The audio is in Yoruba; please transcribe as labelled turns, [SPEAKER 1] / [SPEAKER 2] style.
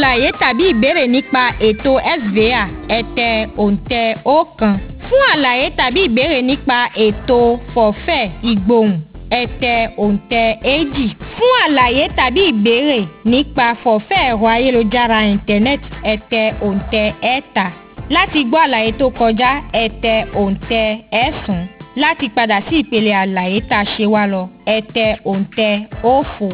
[SPEAKER 1] àlàyé tàbí ìbéèrè nípa ètò SVA ẹ tẹ òǹtẹ̀ ọ̀kan fún àlàyé tàbí ìbéèrè nípa ètò fọ̀fẹ́ ìgbohùn ẹ tẹ òǹtẹ̀ èjì fún àlàyé tàbí ìbéèrè nípa fọ̀fẹ́ ẹ̀rọ ayélujára internet ẹ tẹ òǹtẹ̀ ẹ̀ta láti gbọ́ àlàyé tó kọjá ẹ tẹ òǹtẹ̀ ẹ̀sún láti padà sí ìpele àlàyé tá a ṣe wá lọ ẹ tẹ òǹtẹ̀ òfo.